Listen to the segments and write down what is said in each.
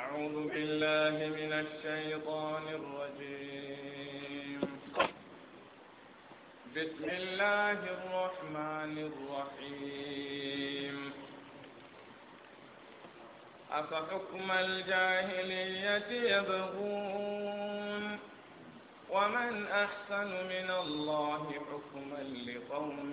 أعوذ بالله من الشيطان الرجيم بسم الله الرحمن الرحيم أفحكم الجاهلية يبغون ومن أحسن من الله حكما لقوم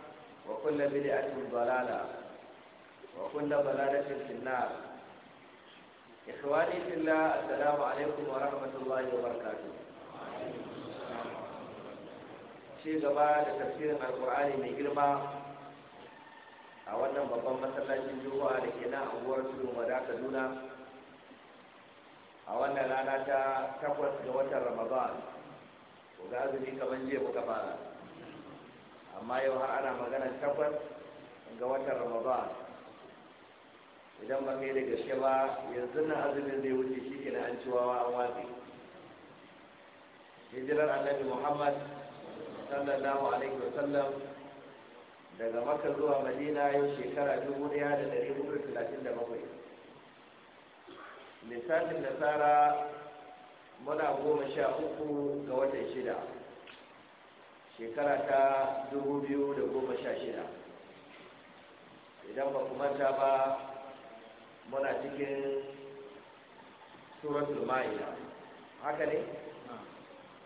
وكل بدعة ضلالة وكل ضلالة في النار إخواني في الله السلام عليكم ورحمة الله وبركاته شيء gaba da tafsirin Alƙur'ani mai girma a wannan babban masallacin juma'a da ke nan anguwar tudu mada kaduna a wannan rana ta takwas ga watan ramadan ku ga azumi kamar jiya kuka fara amma yau har ana magana tabbas ga watan ramadan idan ba kai da gaske ba yanzu na azumin zai wuce shi ke an ciwawa an watsi hijirar annabi muhammad sallallahu alaihi wasallam daga maka zuwa madina yau shekara dubu ɗaya da dari hudu talatin da bakwai Misalin nasara muna goma sha uku ga watan shida shekara ta dubu biyu da goma sha shida idan ba kuma ta ba muna cikin suratul ma'ida haka ne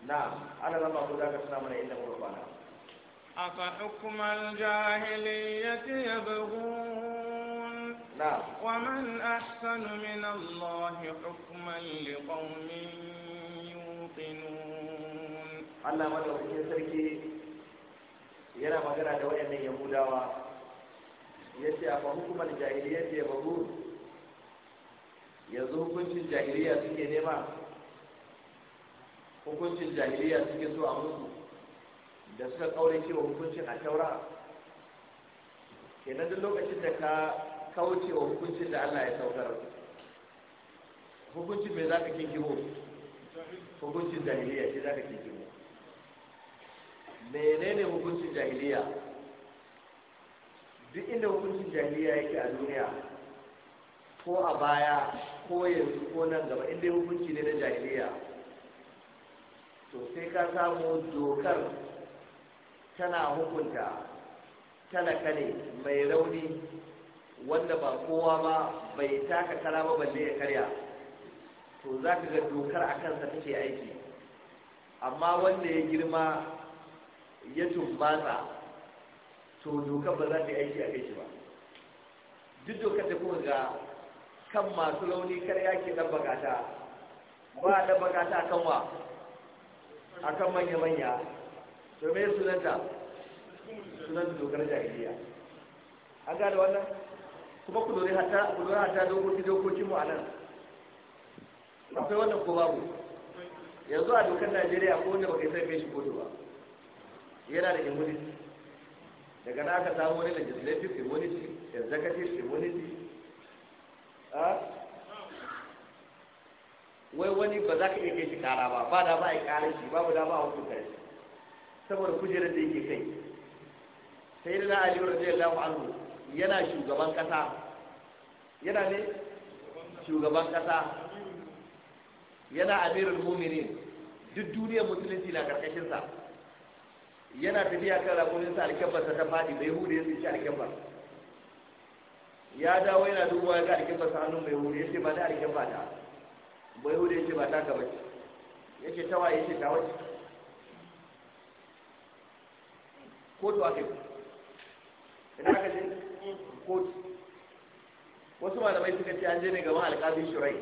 na ana zama ku za ka suna mana inda gurbana ya الجاهلية يبغون wa ومن أحسن من الله حكما لقوم يوقنون Allah madaukakin sarki yana magana da wayannan yahudawa yace a fa hukumar jahiliya ce babu yanzu hukuncin jahiliya suke nema hukuncin jahiliya suke so a musu da suka kaure cewa hukuncin a taura kenan duk lokacin da ka kauce wa hukuncin da Allah ya saukar hukuncin me za ka kinkimo hukuncin jahiliya ce za ka kinkimo menene hukuncin jahiliya duk inda hukuncin jahiliya yake a duniya ko a baya ko yanzu ko nan gaba inda hukunci ne na jahiliya to sai ka samu dokar tana hukunta talaka ne mai rauni wanda ba kowa ba bai taka kara ba balle ya karya to za ka ga dokar a kansa take aiki amma wanda ya girma ya tumbata to dokar ba za ta yi aiki a kai shi ba duk doka ta kuma ga kan masu rauni kar yake dan bakata ba da bakata kan wa akan manya manya to me sunanta sunan dokar jahiliya an gane wannan kuma ku dore hata ku dore hata dokoki dokoki mu anan akwai wannan ko babu yanzu a dokar Najeriya ko wanda baka sai kai shi kotu ba yana da immunity daga na aka samu wani legislative immunity executive immunity wai wani ba za ka iya kai shi kara ba ba da ba a karin shi babu da ba a hukunta shi saboda kujerar da yake kai sai da na aliyu radiyallahu anhu yana shugaban kasa yana ne shugaban kasa yana amirul mu'minin duk duniyar musulunci na karkashin sa yana tafiya kan rakunin sa alkyabbarsa ta fadi bai hude ya tsinci alkyabbar ya dawo yana duba ga alkyabbar sa hannun bai hude ya ce ba da alkyabbar ta bai hude ya ce ba ta ka bace ya ce waye ya ce ta wace kotu to ake ina ka ce kotu wasu malamai suka ce an je ne gaban alƙalin shirai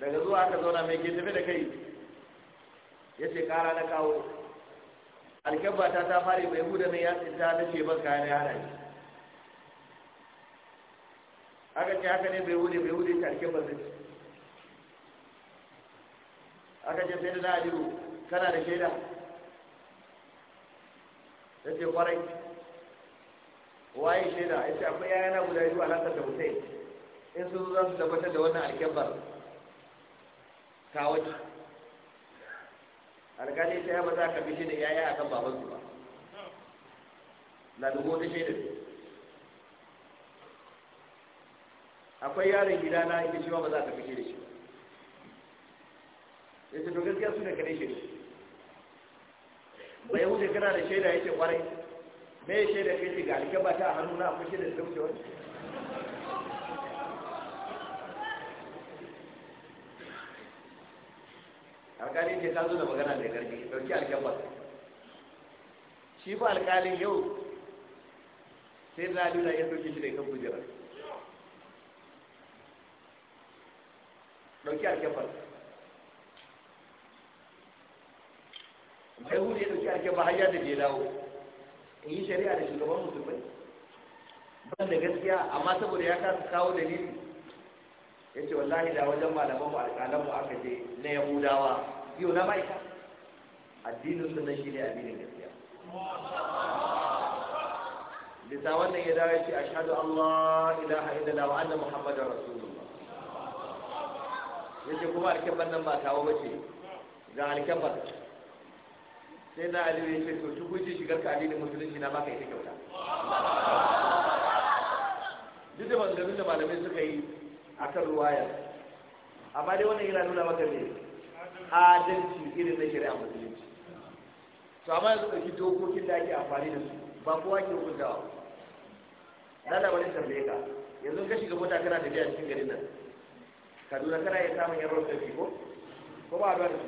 daga zuwa aka zauna mai ke tafi da kai ya ce kara na kawo alkyabba ta ta fare mai huda mai ya tsinta na ce ban kayan ya hana shi aka ce haka ne mai hude mai hude ta alkyabba zai aka ce sai da na aliyu kana da shaida ya ce kwarai waye shaida ya ce akwai yayana guda biyu alaƙar da mutai in sun zo za su tabbatar da wannan alkyabbar kawai alƙali ta ba za ka bishi da yaya a kan babansu ba na dubu wata shaida akwai yaron gida na ita shi ba za ka bishi da shi ya ce to gaskiya su da kare shi bai wuce kana da shaida ya ce kwarai me shaida kai ce ga alƙaba ta a hannu na akwai shaida da ta wuce wani alkali ce ta zo da magana da ƙarfi ɗauki alkabar shi ba alƙalin yau sai da alula ya dauke shi da kan kujerar ɗauki alkabar bai hudu ya ɗauki alkabar har ya da je dawo in yi shari'a da shugaban musulmai ban da gaskiya amma saboda ya kasa kawo dalili ya ce wallahi da wajen malaman mu alƙalan mu aka je na yahudawa yau na mai addinin sunan shi ne addinin gaskiya bisa wannan ya dawo ce ashhadu allah ilaha illallah wa anna muhammadar rasulullah yace kuma alkabar nan ba tawo bace ga alkabar sai na aliyu ya ce to ki guje shigar ka addinin musulunci na baka ita kyauta duk da ban da malamai suka yi akan ruwaya amma dai wannan yana nuna maka ne adalci irin na shari'a musulunci to amma yanzu ɗauki dokokin da ake amfani da su ba kowa ke hukuntawa na da wani tambaye ka yanzu kashi ga mota kana tafiya cikin garin nan kaduna kana iya samun yan rasa ko ko ba a da su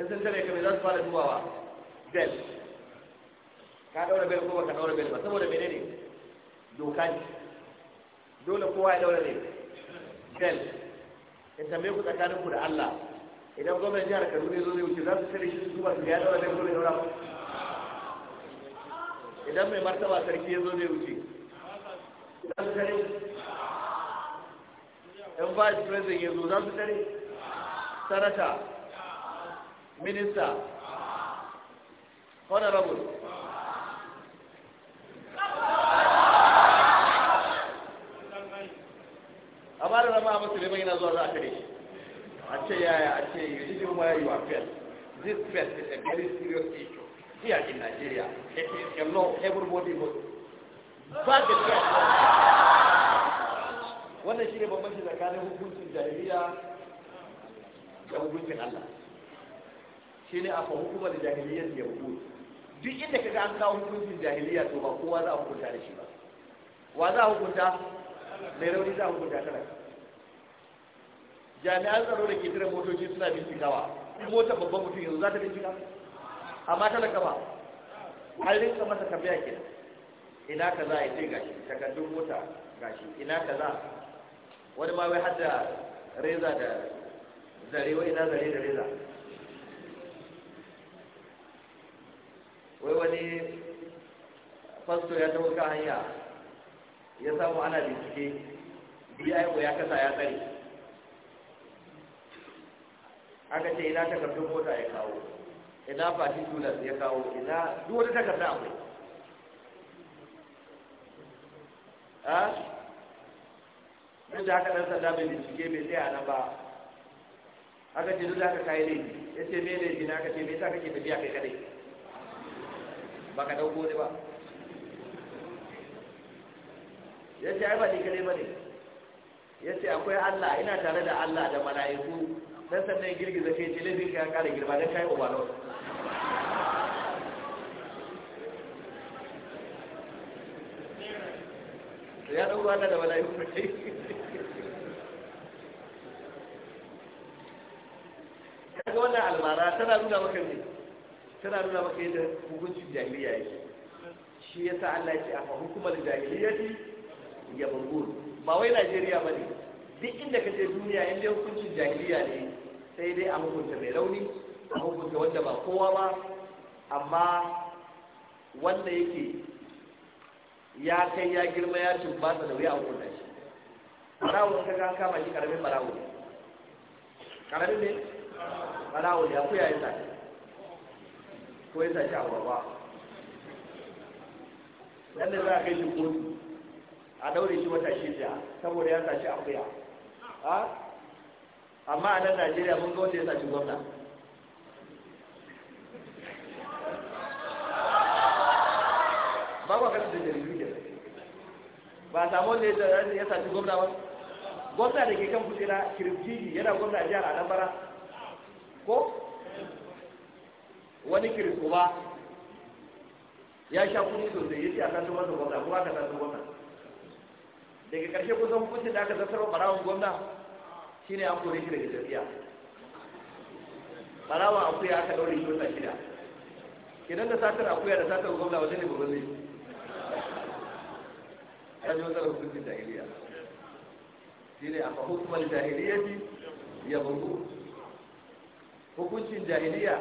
in sun tare kame za su fara dubawa bel ka daura bel ko ba ka daura bel ba saboda menene doka ne dole kowa ya daura ne bel in ku tsakanin ku da Allah idan jihar Kaduna zo wuce za su shi su su ga idan mai martaba sarki ya zo zai wuce za su vice president ya zo za su minista honorable zama a musulman yana zuwa za a kare shi a ce yaya a ce you didn't wear wa belt this belt is a very serious issue here in Nigeria it is a law everybody must back the belt wannan shi ne shi tsakanin hukuncin jahiliya da hukuncin Allah shi ne a fa hukumar jahiliyyar yahudu duk inda kaga an kawo hukuncin jahiliya to ba kowa za a hukunta da shi ba wa za a hukunta mai rauni za a hukunta talaka jami'an tsaro da ke tare motoci suna bincikawa motar babban mutum yanzu za ta bincika amma talaka ba an rinka masa tambaya ke ina ka za a yi gashi takardun mota gashi ina ka za wani ma wai har da reza da zare wai ina zare da reza wai wani fasto ya taho hanya ya samu ana bincike biyayen ya kasa ya tsare aka ce ina takardun mota ya kawo ina tula ya kawo ina duk wata takarda akwai a duk da haka ɗan sanda mai bincike mai tsaya nan ba aka ce duk da haka kayi ne? ya ce mai laifi na aka ce mai sa kake tafiya kai kadai ba ka ɗauko ne ba ya ce ai ba ne kadai ba ne ya ce akwai allah ina tare da allah da mala'iku dan sannan girgiza kai ce laifin ka kara girma dan kai overload ya dauko Allah da bala'i kaga wannan almara tana nuna maka ne tana nuna maka yadda hukuncin jahiliya yake shi yasa Allah ya ce afa hukumar ne ya bangon ba wai Najeriya bane duk inda ka je duniya inda hukuncin jahiliya ne sai dai a hukunta mai rauni a hukunta wanda ba kowa ba amma wanda yake ya kai ya girma ya tumbata da wuya a hukunta shi marawul ka ga kama shi karamin marawul karamin ne marawul ya kuya ya sai ko ya sai shi a gwagwa lalle za a kai shi kotu a daure shi wata shida saboda ya sa shi a kuya ah? amma a nan najeriya mun ga wanda ya saci gwamna ba kwa kan da jaridu ke ba a samu wanda ya saci gwamna ba gwamna da ke kan kujera kiristini yana gwamna a jihar anambra ko wani kiristo ba ya sha kudi sosai ya ce a kan tumar da gwamna kuma a aka san gwamna daga ƙarshe kusan hukuncin da aka zartarwa ɓarawon gwamna ne an kore shi daga tafiya barawa akuya aka daure shi wata shida idan da satar akuya da satar gwamna wajen ne gwamna ne. ya ji matsalar hukuncin jahiliya shi ne a hukumar jahiliya ji ya bugu hukuncin jahiliya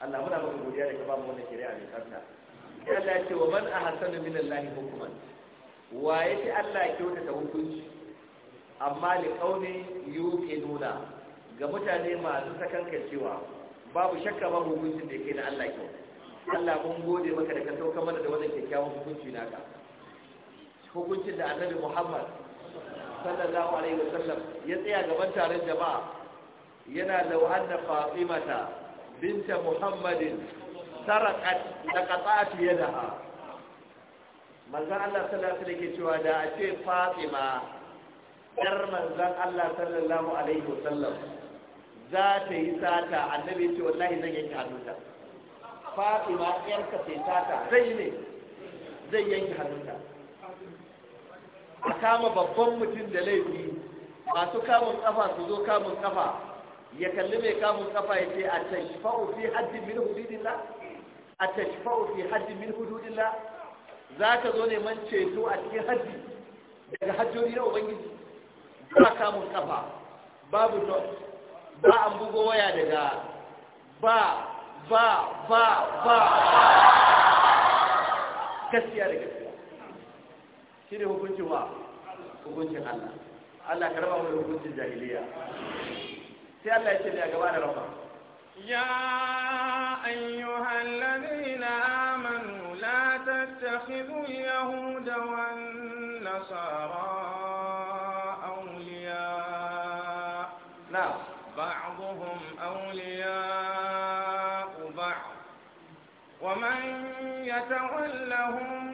Allah muna maka godiya da ka ba mu wannan shari'a mai tsafta. Allah ya ce wa man hasanu min Allah hukuman wa ya ce Allah ya kyautata hukunci amma li qaumi nuna. ga mutane masu cewa babu shakka ba hukuncin da yake na Allah kyau Allah mun gode maka da ka sauka mana da wannan kyakkyawan hukunci naka hukuncin da Annabi Muhammad sallallahu alaihi wasallam ya tsaya gaban taron jama'a yana da anna fatimata binta muhammadin sarakat qata'at yadaha manzan Allah sallallahu alaihi ke cewa da a ce Fatima yar manzan Allah sallallahu alaihi wasallam za ta yi sata annabi ce wallahi zan yanke hannunta Fatima yar ka sai sata zai ne zai yanke hannunta a kama babban mutum da laifi masu kamun kafa su zo kamun kafa ya kalli mai kamun kafa ya ce a tashfa'u fi haddin min hududillah a tashfa'u fi haddin min hududillah za ka zo neman ceto a cikin hajji daga hajjori na ubangiji ba kamun kafa babu dot ba an bugo waya daga ba ba ba ba gaskiya da gaskiya shi ne hukuncin wa hukuncin Allah Allah ka raba mai hukuncin jahiliya sai Allah ya ce ne a gaba da rama ya ayyuhal ladina تتخذوا اليهود والنصارى أولياء نعم بعضهم أولياء بعض ومن يتولهم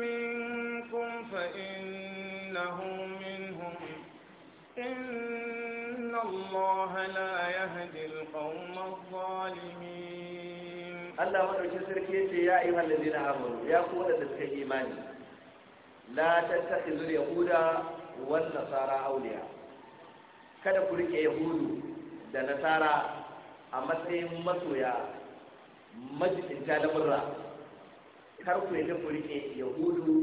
منكم فإنه منهم إن الله لا يهدي القوم الظالمين Allah madaukin sarki yace ya ayyuhal ladina amanu ya ku da suka imani la tattakhizul yahuda wan nasara awliya kada ku rike yahudu da nasara a matsayin masoya majikinta talibura kar ku yi ku rike yahudu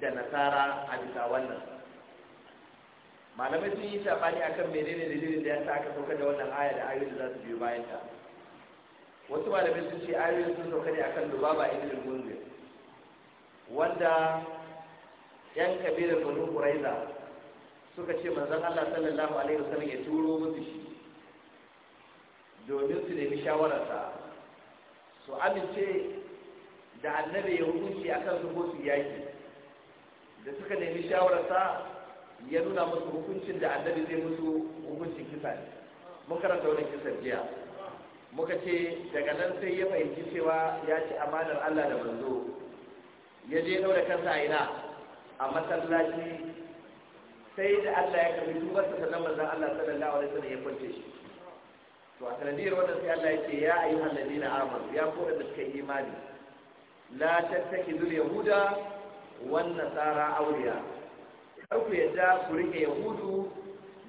da nasara a bisa wannan malamai sun yi sabani akan menene dalilin da ya sa aka saukar da wannan aya da ayoyin da za su biyo bayan wasu malamai sun ce ayoyin sun sauka ne akan lubaba ibn munzir wanda yan kabilar banu quraiza suka ce manzon Allah sallallahu alaihi wasallam ya turo musu shi domin su nemi shawararsa su amince da annabi ya hukunci akan su ko su yaki da suka nemi shawararsa ya nuna musu hukuncin da annabi zai musu hukuncin kisa ne mun karanta wannan kisan jiya muka ce daga nan sai ya fahimci cewa ya ci amanar Allah da manzo ya je daura kansa a ina a masallaci sai da Allah ya karbi tubarsa sannan manzan Allah sallallahu alaihi wasallam ya kwance shi to a sanadiyar wannan sai Allah ya ce ya ayyuhal na amanu ya koda da suka imani la tattakidul yahuda wan nasara awliya kar ku yadda ku rike yahudu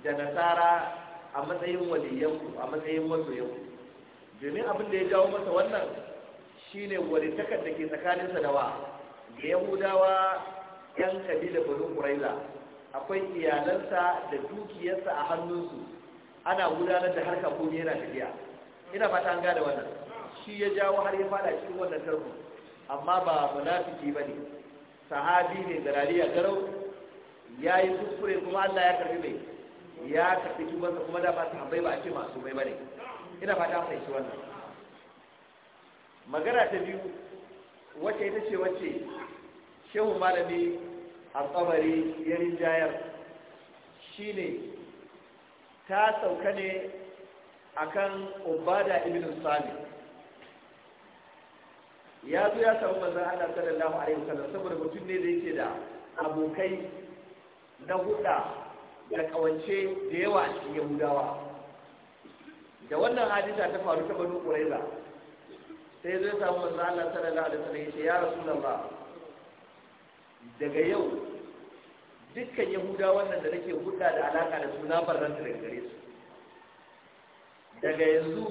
da nasara a matsayin waliyanku a matsayin masoyanku domin abin da ya jawo masa wannan shine takar da ke tsakaninsa da wa da yahudawa yan kabila banu kuraila akwai iyalansa da dukiyarsa a hannunsu ana gudanar da harka ko yana tafiya ina fata an gada wannan shi ya jawo har ya fada cikin wannan tarko amma ba munafiki bane sahabi ne da rariya garau yi kuskure kuma Allah ya karbi mai ya karbi kuma kuma da ba hambai ba a ce masu mai bane ina fata an fahimci wannan magana ta biyu wacce ita ce wacce shehu malami al ya rinjayar shine ta sauka ne akan ubada ibn sami ya zo ya samu manzon Allah sallallahu alaihi wasallam saboda mutum ne da yake da abokai na huda da kawance da yawa a cikin yahudawa da wannan hadisa ta faru ta banu quraiza sai zai samu manzo Allah sallallahu alaihi wasallam ya rasulullah daga yau dukkan yahuda wannan da nake hudda da alaka da su na barranta daga gare su daga yanzu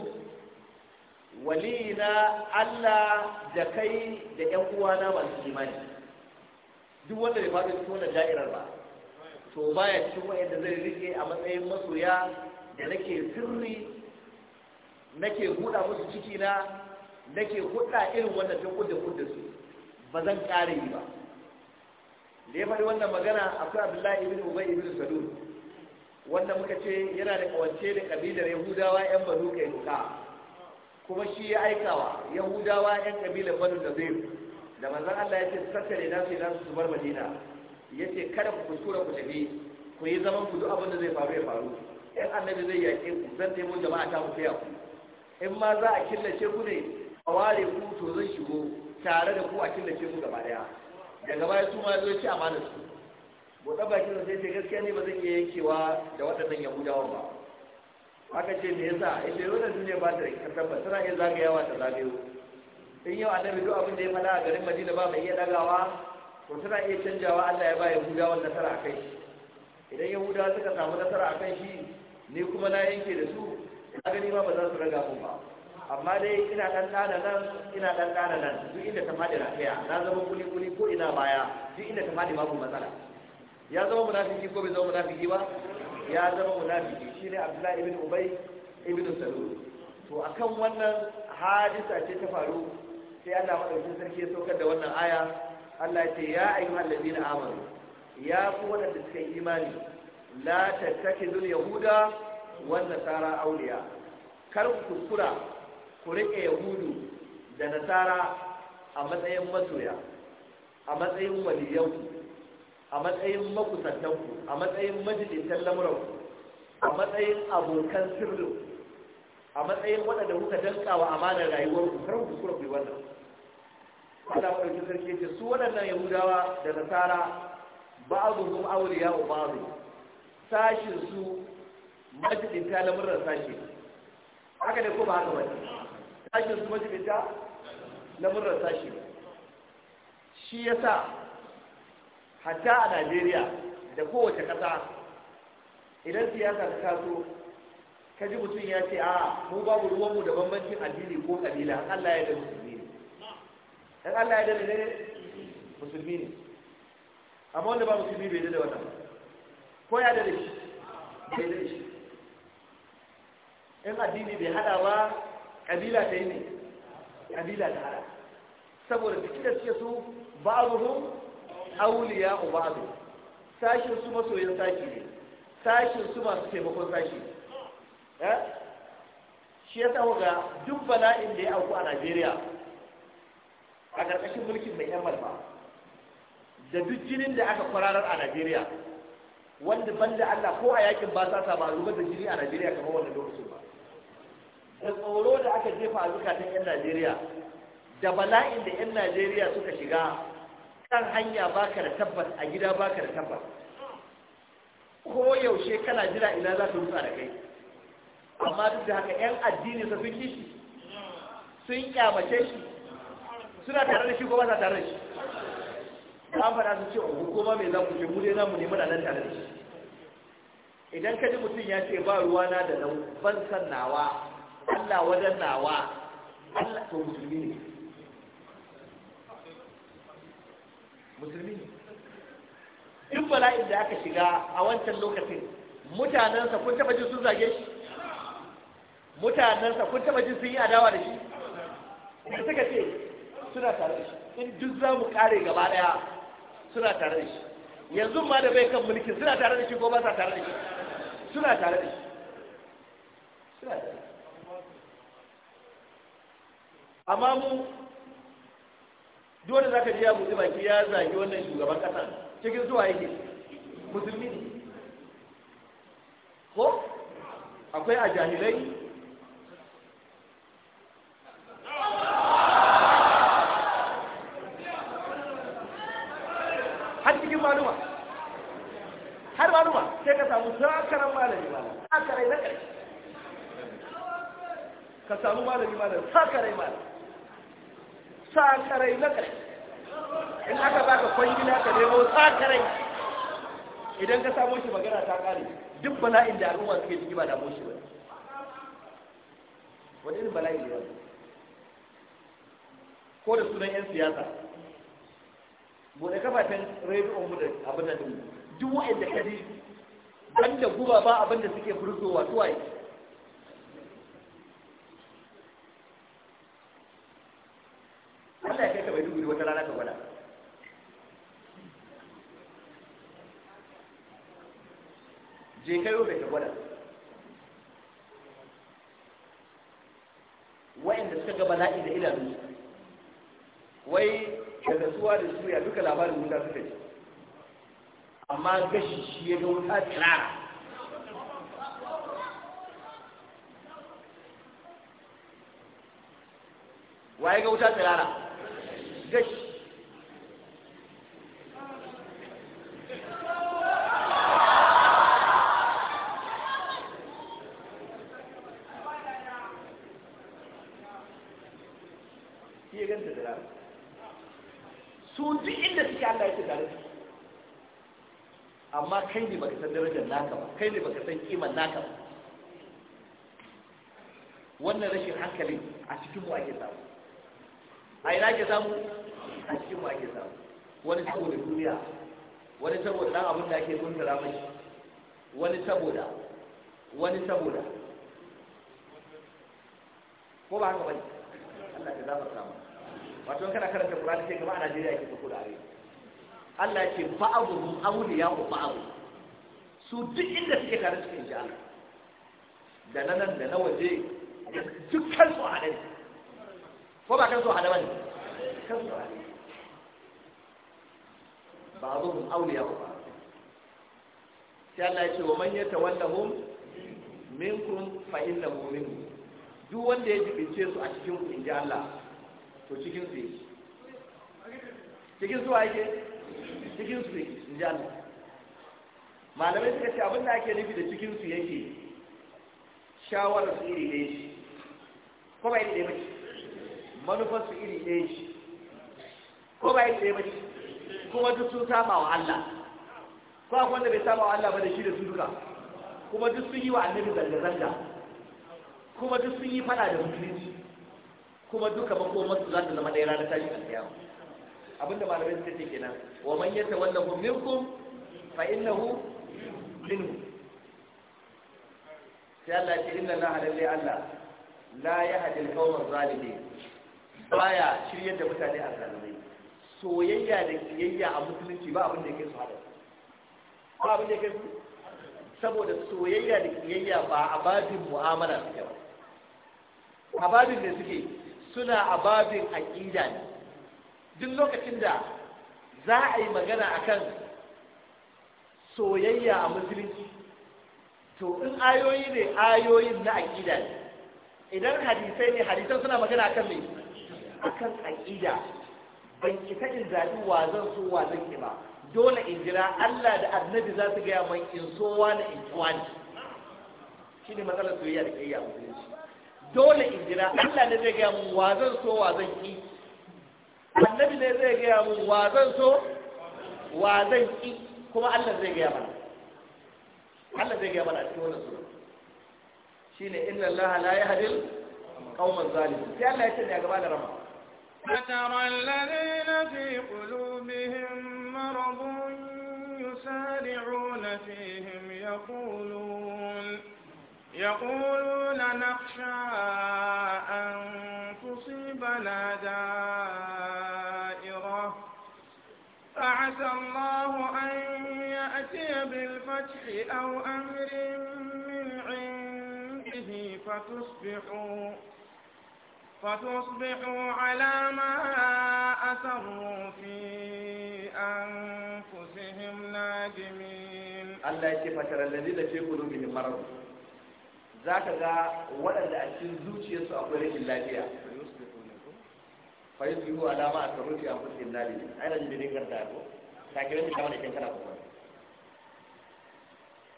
walina Allah da kai da ƴan uwana masu imani duk wanda bai faɗi cikin wannan da'irar ba to baya cikin wayanda zai rike a matsayin masoya da nake sirri nake huda musu ciki na nake huɗa irin wannan ta kudda kudda su ba zan kare yi ba da ya faɗi wannan magana akwai abdullahi ibn ubay ibn salul Wannan muka ce yana da kawance da kabilar yahudawa yan banu kainuka kuma shi ya aikawa yahudawa yan kabilar banu zai da manzon Allah ya ce tattare da sai nasu su bar madina ya ce kada ku kuskura ku tafi ku yi zaman ku duk abin da zai faru ya faru yan annabi zai yaƙe ku zan taimaka jama'a ta ku in ma za a killace ku ne a ware ku to zan shigo tare da ku a killace ku gaba daya daga baya su ma zo ci amana su baki ne sai gaskiya ne ba zan iya yankewa da waɗannan yahudawan ba haka ce me yasa in da wannan duniya ba ta tabbata tana iya zagayawa ta zagayo in yau annabi duk abin da ya fada a garin madina ba mai iya dagawa to tana iya canjawa Allah ya ba yahudawan nasara a kai idan yahudawa suka samu nasara a kan shi ni kuma na yanke da su a gani ma ba za su raga mun ba amma dai ina dan dana nan ina dan dana nan duk inda ta fadi na kaya na zama kuli kuli ko ina baya duk inda ta fadi babu matsala ya zama munafiki ko bai zama munafiki ba ya zama munafiki shine Abdullahi ibn Ubay ibn Salul to akan wannan hadisa ce ta faru sai Allah madaukakin sarki ya saukar da wannan aya Allah ya ce ya ayyuhal ladina amanu ya ku wadanda suka yi imani la tattakidul yahuda wanda nasara auliya kar ku kura ku riƙe yahudu da nasara a matsayin masoya a matsayin waliyanku a matsayin makusantanku a matsayin majalisan lamuranku a matsayin abokan sirrin a matsayin waɗanda kuka danka wa amanar rayuwarku kar ku kura ku yi wannan Allah ɗauki sarki ce su waɗannan yahudawa da nasara ba'aduhum awliya wa ba'd sashin su majalisa lamuran sashi haka ne ko ba haka wani sashin su majalisa lamuran sashi shi ya sa hatta a najeriya da kowace ƙasa idan siyasa ta taso ka ji mutum ya ce a mu babu ruwanmu da bambancin addini ko kabila an Allah ya da musulmi ne an Allah ya da ne musulmi ne amma wanda ba musulmi bai da wata, ko ya da shi bai da shi in addini bai hada ba kabila ta yi ne kabila ta hada saboda duk da suke su ba'aruhum auliya a ba'adu sashin su masoyin sashi ne sashin su masu taimakon sashi eh shi ya samu ga duk bala'in da ya auku a Najeriya a ƙarƙashin mulkin mai yammar ba da duk jinin da aka kwararar a Najeriya wanda banda Allah ko a yakin ba sa ba zubar da jini a Najeriya kamar wanda lokacin ba da tsoro da aka jefa a zukatan 'yan najeriya da bala'in da 'yan najeriya suka shiga kan hanya baka da tabbas a gida baka da tabbas ko yaushe kana jira ina za su rufa da kai amma duk da haka 'yan addini sun fi shi sun kyamace shi suna tare da shi ko ba sa tare da shi ba faɗa su ce hukuma mai za ku ce mu dai za mu nemi ranar tare da shi idan ka ji mutum ya ce ba ruwana da ban sannawa Allah wajen nawa Allah to musulmi ne musulmi ne duk bala'in da aka shiga a wancan lokacin mutanensa kun taba jin sun zage shi mutanensa kun taba jin sun yi adawa da shi da suka ce suna tare da shi in duk za mu kare gaba daya suna tare da shi yanzu ma da bai kan mulki suna tare da shi ko ba sa tare da shi suna tare da shi suna tare da shi amma mu dole za ka ji ya buɗe baki ya zagi wannan shugaban ƙasa cikin zuwa yake musulmi ne ko akwai a jahilai har cikin maluma har maluma sai ka samu sakaran malami malami sakarai na ƙarshe ka samu malami malami sakarai malami tsakarai na ƙarshe in aka za ka kwangila ka nemo tsakarai idan ka samo shi magana ta ƙari duk bala'in da al'umma suke jiki ba da shi ba wani irin bala'in da yanzu ko da sunan 'yan siyasa bude kafafen rediyon mu da abin da duk da ka ji da guba ba abin da suke furzowa tuwaye gobe wata rana ka gwada je kai yobe ka gwada wa'inda suka ga bala'i da idanu wai da gasuwa da suya duka labarin wuta suka ce amma gashi shi ya ga wuta tsirara waye ga wuta tsirara gashi ya ganta da rana su duk inda suke Allah yake tare da amma kai ne baka san darajar naka ba kai ne baka san kiman naka ba wannan rashin hankali a cikin mu ake samu a ina ke samu a cikin mu ake samu wani saboda duniya wani saboda dan abin da ake kuntara mai wani saboda wani saboda ko ba haka bane Allah ya zafarta mu wato kana karanta Qur'ani sai gaba a Najeriya yake fito da arewa Allah ya ce ba'abuhum awliya'u ba'abu su duk inda suke tare suke ji Allah da na nan da na waje dukkan su a ko ba kan su a ne? kansu a ba zuhun auliya ba sai Allah ya ce wa man yatawallahum minkum fa innahu minhum duk wanda ya jibince su a cikin ku inji Allah to cikin su yake cikin su yake cikin su yake inji Allah malamai suka ce abin da ake nufi da cikin su yake shawarar su iri ɗaya. shi ko ba iri ne mace manufar su iri ɗaya. shi ko ba yake ba kuma duk sun saba wa Allah ko akwai wanda bai saba wa Allah ba da shi da su duka kuma duk sun yi wa annabi zanga-zanga kuma duk sun yi fada da musulunci kuma duka ba kuma masu za ta zama ɗaya ranar tashi alƙiyama abinda malamai suka ce kenan wa man wallahu minkum fa innahu minhu sai Allah ce inna Allah lalle Allah la yahdi al qawm adh-dhalimin baya shiryar da mutane a zalimai soyayya da kiyayya a musulunci ba abin da ya su hada ba abin da ya kai su saboda soyayya da kiyayya ba a babin mu'amala suke ba a babin da suke suna a babin aƙida ne duk lokacin da za a yi magana akan soyayya a musulunci to in ayoyi ne ayoyin na aƙida ne idan hadisai ne hadisan suna magana akan me akan aƙida ban isa in zaɓi wa zan so wa zan ki ba dole in jira Allah da annabi za su gaya mai in so wani in ki wani shi ne matsalar soyayya da kayya a musulunci dole in jira Allah ne zai gaya mu wa zan so wa zan ki annabi ne zai gaya mu wa zan so wa zan ki kuma Allah zai gaya mana Allah zai gaya mana a cikin wannan sura shine inna Allah la yahdil qauman zalimin sai Allah ya ce ne a gaba da rama فترى الذين في قلوبهم مرض يسارعون فيهم يقولون يقولون نخشى أن تصيبنا دائرة فعسى الله أن يأتي بالفتح أو أمر من عنده فتصبحوا فتصبحوا على ما أسروا في أنفسهم نادمين الله الذي لا في قلوبهم مرض ذاك ذا ولد أشين زوجي يسوع قريش اللاجئة فيصبحوا على ما أسروا في أنفسهم نادمين أنا جديد كنت لكن أنت كمان كنت أقول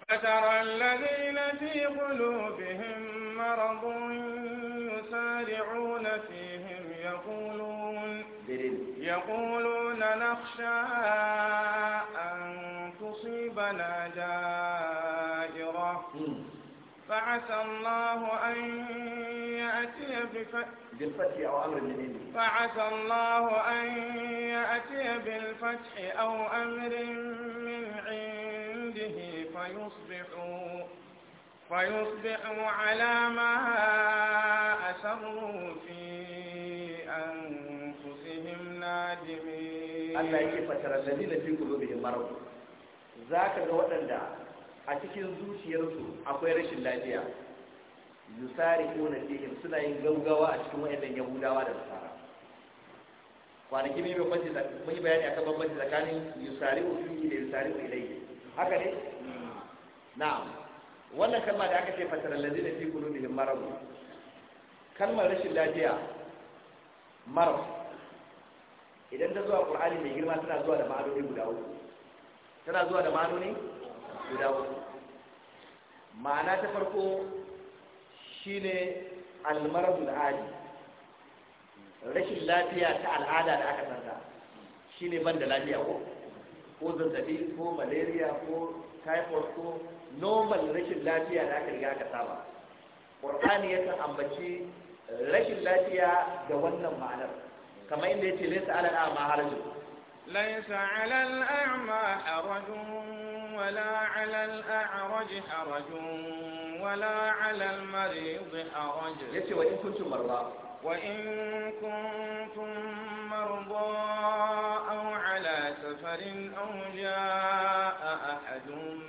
فترى الذين في قلوبهم مرض يسارعون فيهم يقولون يقولون نخشى أن تصيبنا دائرة فعسى الله أن يأتي بالفتح أو أمر من فعسى الله أن يأتي بالفتح أو أمر من عنده فيصبحوا فيصبحوا على ما أسروا في أنفسهم نادمين الله يكفى ترى الذين في قلوبهم مرض ذاك الوقت ده أتكين cikin يرسو akwai rashin lafiya yusari kuna fihim suna yin gaugawa a cikin wayannan yahudawa da nasara mai kwanci da mai bayani a akan bambanci tsakanin yusari ufi da yusari ilai haka ne hmm. na'am wannan kalma da aka ce fasaral da fi da himmarar kalmar rashin lafiya mara idan ta zuwa ƙur'ani mai girma tana zuwa da ma'anoni guda uku tana zuwa da ma'anoni guda uku ma'ana ta farko shine almarar adi rashin lafiya ta al'ada da aka shi shine ban da lafiya ko ko zazzabi ko malaria ko typhoid ko normal rashin lafiya da aka riga aka saba ƙur'ani ya ambaci rashin lafiya da wannan ma'anar kamar inda yace laysa ala al-a'ma harajun laysa ala al-a'ma harajun wala ala al-a'raj harajun wala ala al-marid harajun yace wa in kuntum marda wa in kuntum marda aw ala safarin aw jaa ahadun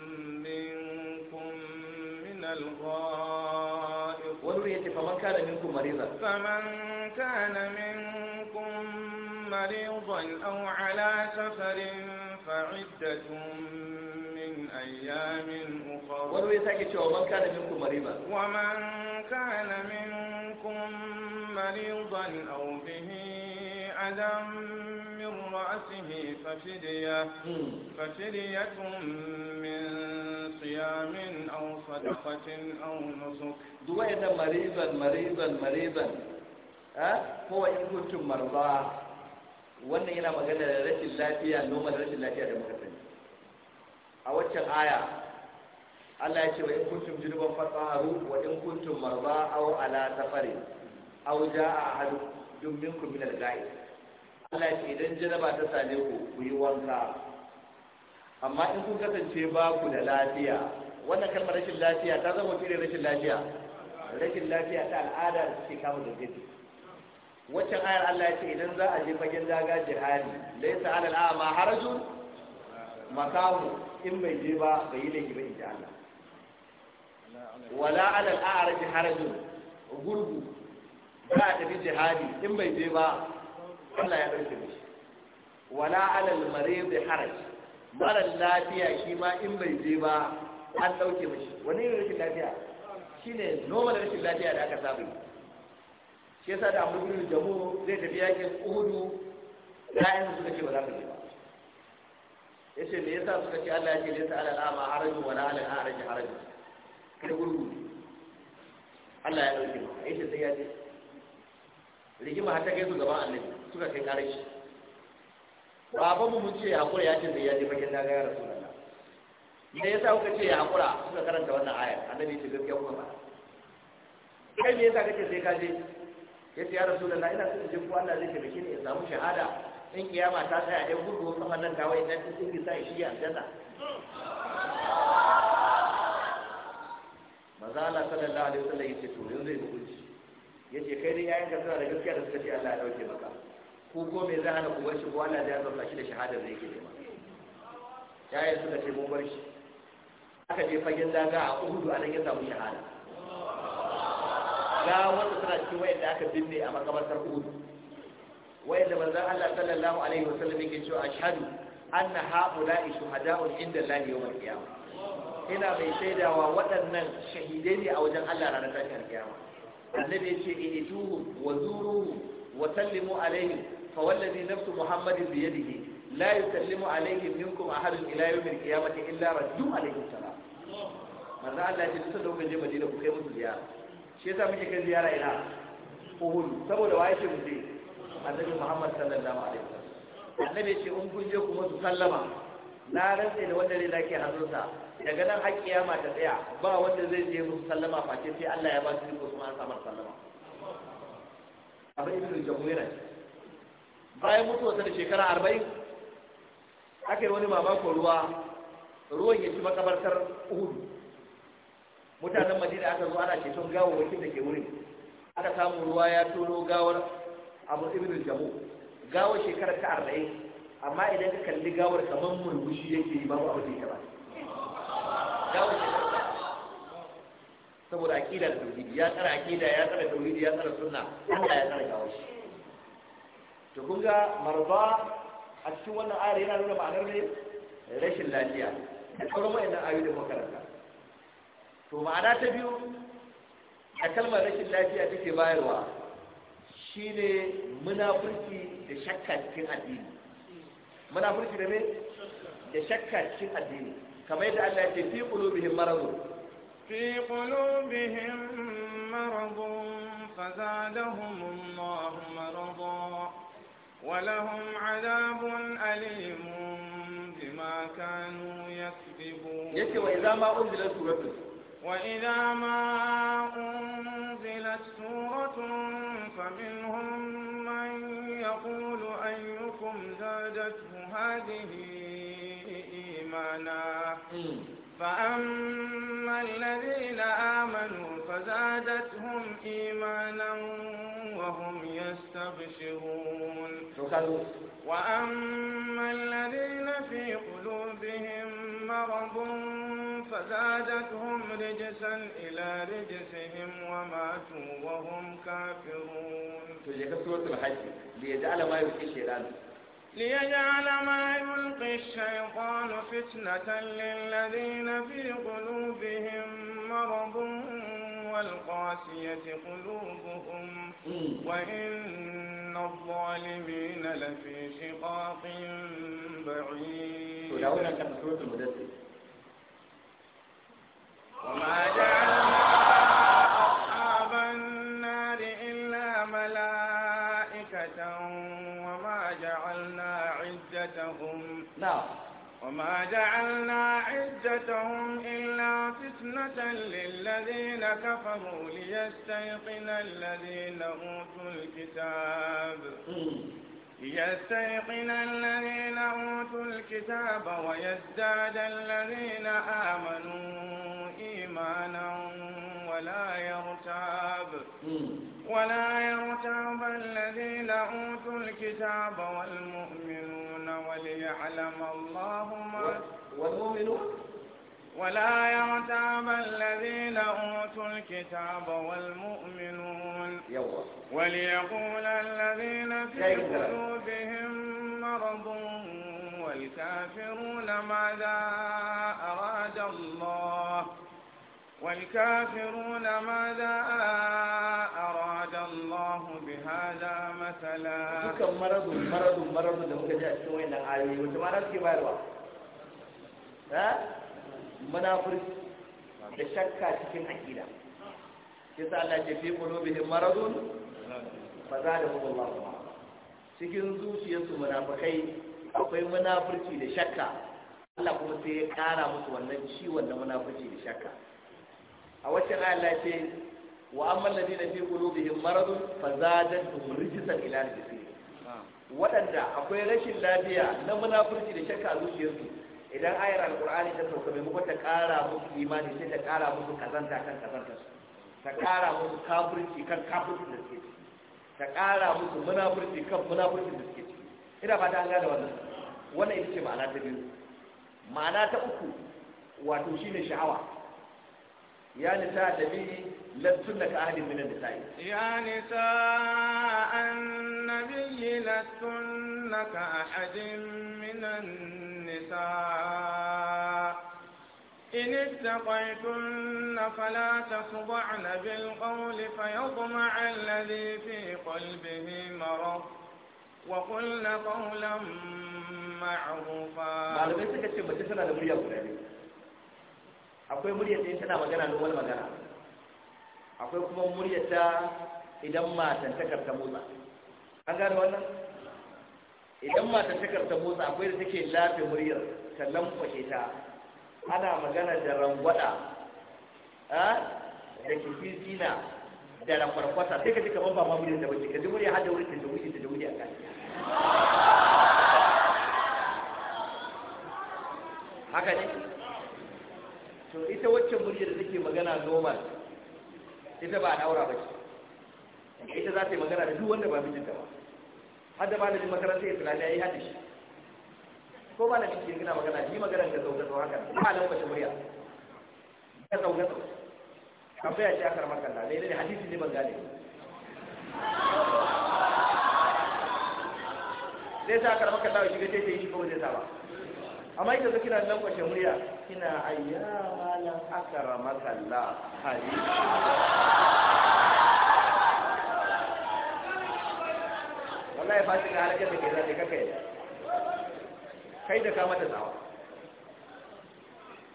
kana minkum mariza faman kana minkum maridan aw ala safarin fa'iddatun أيام أخرى وروي ساكي شو من كان منكم مريضا ومن كان منكم مريضا أو به أذى من رأسه ففدية ففدية من صيام أو صدقة أو نسك دوين مريضا مريضا مريضا هو إن كنتم مرضى wannan yana magana da rashin lafiya noma da rashin lafiya da muka sani a waccan aya Allah ya ce wa in kuntum junuban fatsaharu wa in kuntum marba aw ala safari aw jaa dum minkum min al-ghaib Allah ya ce idan jaraba ta same ku ku yi wanka amma in kun kasance ba ku da lafiya wannan kalmar rashin lafiya ta zama fi rashin lafiya rashin lafiya ta al'ada da suke kama da gidi waccan ayar Allah ce idan za a je fagen daga jihadi laysa ala ma harajun makamu in bai je ba bai yi laifi ba in Allah wala ala al'araj harajun gurgu za a tafi jihadi in bai je ba Allah ya ɗauke shi wala alal al-marid haraj marar lafiya shi ma in bai je ba an ɗauke mashi wani yin rashin lafiya shi ne noma da rashin lafiya da aka samu shi yasa da abu bin jamu zai tafi yakin uhudu ra'ayin suka ce ba za ka je ba ya ce me yasa suka ce Allah ya ce lesa ala al'ama harajin wala ala al'araji harajin kai gurgu Allah ya ɗauke ba ya ce sai ya je rigima har ta kai su gaban annabi suka kai ƙarashi. baban mu mun ce ya hakura ya ce zai ya je bakin daga ya rasu ya me kuka ce ya hakura suka karanta wannan ayar annabi ce gaskiya kuma ba kai me yasa kace sai ka je ya ce ya rasu lalla ina son je ko Allah zai taimake ni in samu shahada in kiyama ta tsaya ɗan gurgu kafan nan kawai dan ta tsinki sa shi ya aljanna maza Allah sallallahu alaihi wasallam ya ce to yanzu ya hukunci ya ce kai dai yayin ka tsara da gaskiya da suka ce Allah ya dauke maka ko ko me zai hana ku bar shi ko Allah ya zama shi da shahadar da yake nema yayin suka ce mun bar shi aka je fagen daga a Uhudu anan ya samu shahada ga wanda suna cikin wayanda aka binne a makabartar Uhudu wayanda manzon Allah sallallahu alaihi wasallam yake cewa ashhadu anna haula'i shuhada'un inda Allah yawmal qiyamah ina mai shaidawa waɗannan shahidai ne a wajen Allah ranar tashin kiyama annabi ya ce idituhu wa zuruhu wa sallimu alaihi fa wallazi nafsu muhammadin bi yadihi la yusallimu alaihim minkum ahadun ila yawmil qiyamati illa raddu alaihi salam manzo Allah ya ce da kuka je Madina ku kai musu ziyara shi yasa muke kai ziyara ina Uhud saboda waye ce mu je annabi Muhammad sallallahu alaihi wasallam annabi ce in kun je kuma su sallama na rantsa da wanda ne nake sa daga nan har kiyama ta tsaya ba wanda zai je musu sallama face sai Allah ya ba su ko kuma an samar sallama abin ibnu jamu yana ce bayan mutuwarsa da shekara arba'in aka yi wani mamakon ruwa ruwan ya ci makabartar uhudu mutanen madina aka zuwa ana ceton gawawwakin da ke wurin aka samu ruwa ya tono gawar abu ibn jamu gawar shekarar ta arba'in amma idan ka kalli gawar kamar murmushi yake yi babu abu da ya ba gawar shekarar ta saboda da tauhidi ya tsara aqida ya tsara tauhidi ya tsara sunna Allah ya tsara gawar shi to kun ga marba a cikin wannan ayar yana nuna ma'anar ne rashin lafiya da sauran wayannan ayoyi da makaranta to ma'ana ta biyu a kalmar rashin lafiya take bayarwa shine munafurci da shakka cikin addini munafurci da ne da shakka cikin addini kamar yadda Allah ya fi qulubihim maradun fi qulubihim maradun fazadahum ولهم عذاب أليم بما كانوا يكذبون وإذا ما أنزلت سورة وإذا ما أنزلت سورة فمنهم من يقول أيكم زادته هذه إيمانا فأما الذين آمنوا فزادتهم إيمانا وهم يستبشرون وأما الذين في قلوبهم مرض فزادتهم رجسا إلى رجسهم وماتوا وهم كافرون سورة الحج ليجعل ما يلقي الشيطان ليجعل ما يلقي الشيطان فتنة للذين في قلوبهم مرض والقاسية قلوبهم وإن الظالمين لفي شقاق بعيد وما جعلنا أصحاب النار إلا ملائكة وما جعلنا عدتهم نعم. وما جعلنا عدتهم إلا في للذين كفروا ليستيقن الذين أوتوا الكتاب ليستيقن الذين أوتوا الكتاب ويزداد الذين آمنوا إيمانا ولا يرتاب ولا يرتاب الذين أوتوا الكتاب والمؤمنون وليعلم الله ما والمؤمنون ولا يرتاب الذين أوتوا الكتاب والمؤمنون وليقول الذين في قلوبهم مرض والكافرون ماذا أراد الله والكافرون ماذا أراد الله بهذا مثلا كم مرض مرض مرض ده كده سوينا عالي وتمرض كبار ها munafurci da shakka cikin aqida sa Allah ya fi qulubihim maradun hukun lafuma cikin zuciyarsu munafukai akwai munafurci da shakka Allah kuma sai ya kara musu wannan ciwon na munafurci da shakka a wacce Allah ce wa amma alladhina fi qulubihim maradun fazadatuhum rijsan ila rijsi waɗanda akwai rashin lafiya na munafurci da shakka a zuciyarsu idan ayar alkur'ani ta sauka maimakon ta kara musu imani sai ta kara musu kazanta kan kazanta su ta kara musu kafirci kan kafirci da suke ciki ta kara musu munafurci kan munafurci da suke ciki ina ba ta hanga da wannan wannan ita ce ma'ana ta biyu ma'ana ta uku wato shine sha'awa يا نساء النبي لستن كأهل من النساء يا نساء النبي لستن كأحد من النساء إن اتقيتن فلا تخضعن بالقول فيطمع الذي في قلبه مرض وقلن قولا معروفا. akwai muryar da tana magana wani magana akwai kuma muryar ta idan matan takar ta motsa an gane wannan idan matan takar ta motsa akwai da take lafe muryar ta lamfake ta ana magana da rangwada da kifin zina da rankwarkwata sai ka ji kamar ba ma muryar da bace ka ji muryar hada wurin da wuce da wuce a kan haka ne to ita waccan murya da take magana normal ita ba daura ba ce ita za ta yi magana da duk wanda ba mijinta ba har da malamin makarantar islamiyya ya haɗe shi ko malamin ke gina magana yi magana ga zaune zaune haka ba nan mace murya ga zaune zaune ya ce a ramar kalla ne ne hadisi ne ban gane zai sa aka ramar kalla shi ga ce shi ko zai sa ba amma ita ka kina nan kwashe murya kina ayyama na akara makalla hari wallahi ba shi ga halakar da ke zaɗe kakai kai da kama da tsawa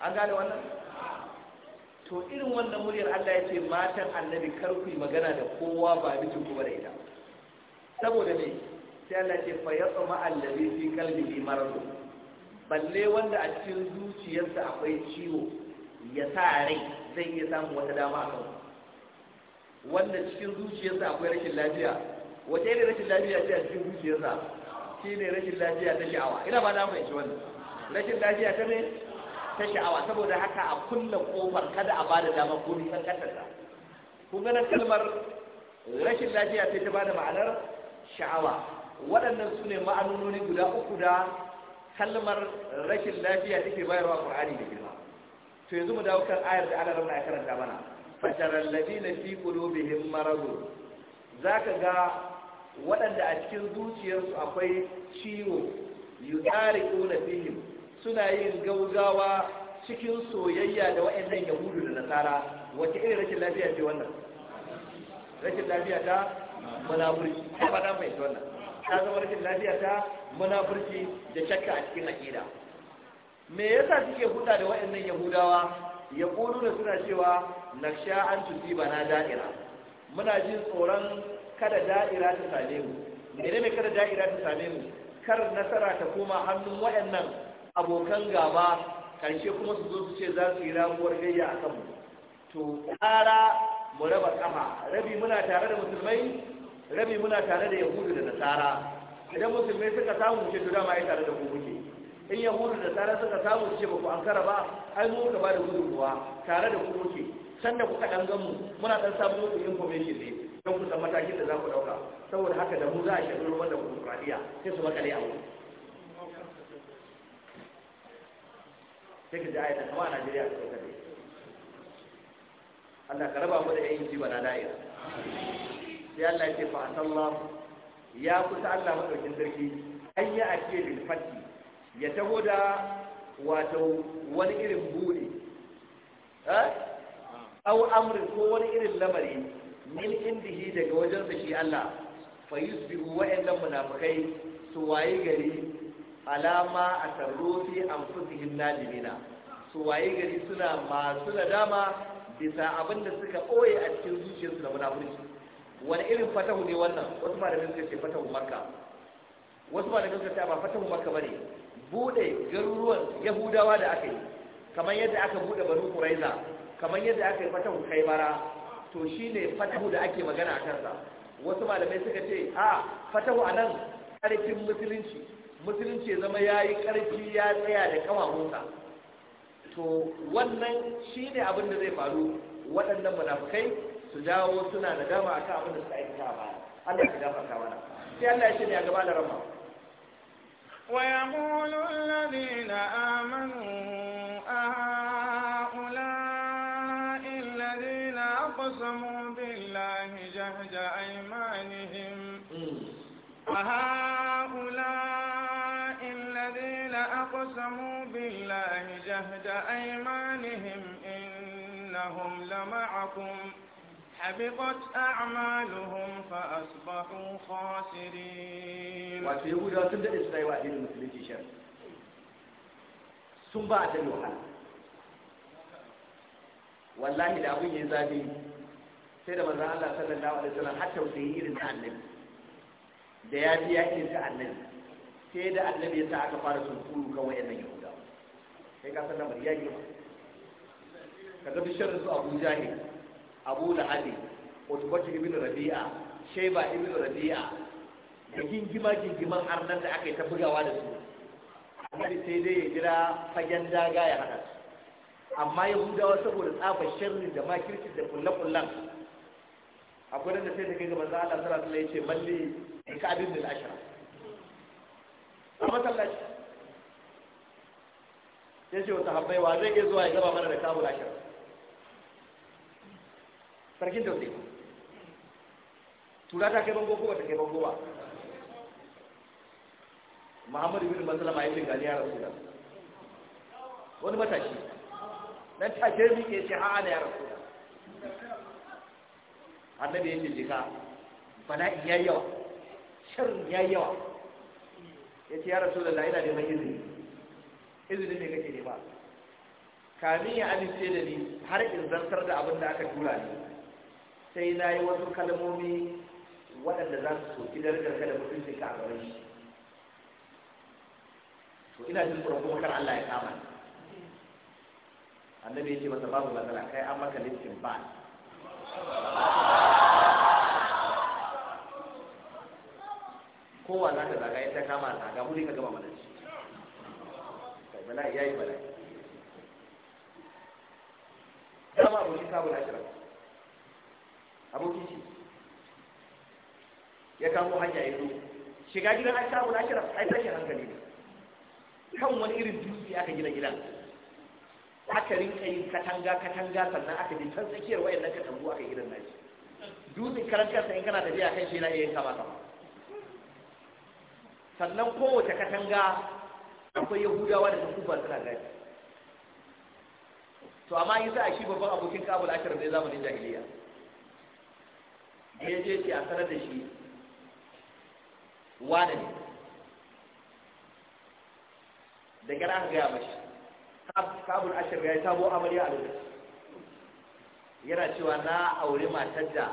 an gane wannan to irin wannan muryar Allah ya ce matan annabi kar ku yi magana da kowa ba bijin kuma da ita saboda me sai Allah ce fayyatsa yatma allazi fi kalbi maradun balle wanda a cikin zuciyarsa akwai ciwo ya sa rai zai iya samun wata dama a kan wanda cikin zuciyarsa akwai rashin lafiya wace ne rashin lafiya ce a cikin zuciyarsa shi ne rashin lafiya ta sha'awa ina ba na fahimci wannan rashin lafiya ta ne ta sha'awa saboda haka a kulle kofar kada a bada dama ko nisan kasarsa kun ganin kalmar rashin lafiya sai ta bada ma'anar sha'awa waɗannan su ne ma'anoni guda uku da kalmar rashin lafiya take bayarwa qur'ani da girma to yanzu mu dawo kan ayar da Allah ya karanta mana fataral ladina fi qulubihim maradu zaka ga waɗanda a cikin zuciyarsu akwai ciwo yudariquna fihim suna yin gaugawa cikin soyayya da waɗannan yahudu da nasara wace irin rashin lafiya ce wannan rashin lafiya ta munafurci ba ta mai wannan ta zama rashin lafiya ta munafurci da shakka a cikin aqida me yasa suke huda da waɗannan yahudawa ya da suna cewa sha an ba na da'ira muna jin tsoron kada da'ira ta same mu menene kada da'ira ta same mu kar nasara ta koma hannun waɗannan abokan gaba karshe kuma su zo su ce za su yi ramuwar gayya a kanmu to ƙara mu raba kafa rabi muna tare da musulmai rabi muna tare da yahudu da nasara idan musulmi suka samu ce to dama ai tare da ku muke in yahudu da tsara suka samu ce ba ku ankara ba ai mu ka ba da gudunmuwa tare da ku muke can da kuka dan ganmu muna dan samu muku information ne don ku san matakin da za ku dauka saboda haka da mu za a shaɗu ruwan da demokradiyya sai su makale a wuri sai ka ji ayatan kama a najeriya su kare Allah ka raba mu da yayin jiba na da'ira sai Allah ya ce fa ya kusa Allah maɗaukin sarki an yi a ce fatti ya taho da wato wani irin buɗe au amrin ko wani irin lamari min indihi daga wajen shi Allah fa yusbihu illa munafikai su waye gari alama a tarrofi an fusihin su waye gari suna masu nadama bisa abinda suka ɓoye a cikin zuciyarsu da munafurci wani irin fatahu ne wannan wasu da suka ce fatahu makka wasu malamin suka ce ba fatahu makka bane bude garuruwan yahudawa da aka yi kamar yadda aka bude banu quraiza kamar yadda aka yi fatahu kaibara to shine fatahu da ake magana a kansa wasu malamai suka ce a fatahu anan karfin musulunci musulunci ya zama yayi karfi ya tsaya da kawamunsa to wannan shine abin da zai faru waɗannan munafukai su dawo suna da dama akan abin da suka aikata a baya Allah ya gafarta mana sai Allah ya shirya gaba da rama ويقول الذين آمنوا أهؤلاء الذين أقسموا بالله جهد أيمانهم أهؤلاء الذين أقسموا بالله جهد أيمانهم إنهم لمعكم حبطت أعمالهم فأصبحوا خاسرين وفي يقول لك أنت يزادي سيدة من رأى الله صلى الله عليه وسلم حتى وسيير المعلم دياتي يأتي المعلم سيدة النبي يتعاك فارس الكل كوي أن يهودا هيك أصلا مريا يوم كذب أبو جاهل abu lahabi utubatu ibn rabi'a shaiba ibn rabi'a da gingima gingiman nan da aka yi ta bugawa da su amma sai dai ya jira fagen daga ya hada su amma yahudawa saboda tsafa sharri da makirci da kullakullan akwai da sai da kai ga manzo Allah sallallahu alaihi wasallam yace malli ka abin bil ashra a ya ce wa sahabbai wa zai iya zuwa ya gaba mana da kabul ashra sarkin daure tura ta kai bango ko ba ta kai bango ba muhammadu bin Maslama ya ce gani ya rasu wani matashi dan take mi ke ce ha'a da ya rasu annabi ya ce jika bala'i ya yawa sharrin ya yawa ya ce ya rasu da la'ina neman izini izini ne kake nema kamin ya amince da ni har in zartar da abin da aka tura ni sai na yi wasu kalmomi waɗanda za su soki darajar kada da mutuncin ka a gaban shi to ina jin tsoron kuma kar Allah ya kama ni annabi ya ce masa babu matsala kai an maka lifin ba kowa za ka zaga ya ta kama na ga mu ka gama mana shi kai bala'i ya yi bala'i dama abu shi kawo na shirin abokin shi ya kamo hanya ya zo shiga gidan an samu lashira ai tashin hankali ne kan wani irin dutse aka gina gidan aka rinka yin katanga katanga sannan aka bi can tsakiyar nan katangu aka gidan shi dutse karan kansa in kana tafiya kan shi na iya yanka maka sannan kowace katanga akwai yahudawa da takuba suna gaji to amma yasa shi babban abokin kabul ashir ne zamanin jahiliya ya je ce a sanar da shi wane ne da gara aka gaya mashi kabul ashir ya yi tabo amarya a lokaci yana cewa na aure matar da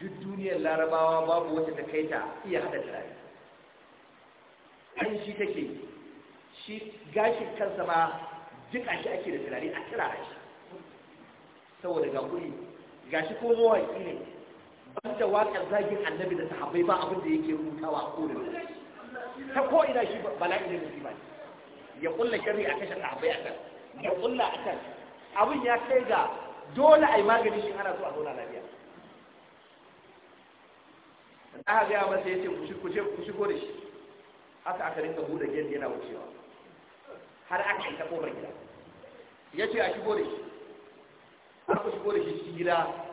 duk duniyar larabawa babu wata ta kai ta iya hada rai an shi take shi gashi kansa ma duk shi ake da turare a turare shi saboda ga kuɗi gashi ko mawaƙi ne Wanda waƙar zagin annabi da sahabbai ba abin da yake rubutawa a kowane ta ko ina shi bala'i ne musiba ya kulla sharri a kashe sahabbai a kan ya kulla a kan abin ya kai ga dole a yi magani shi ana so a zauna lafiya aka gaya masa ya ce ku shigo da shi haka aka rinka buɗe gate yana wucewa har aka yi ta kofar gida ya ce a shigo da shi ku shigo da shi gida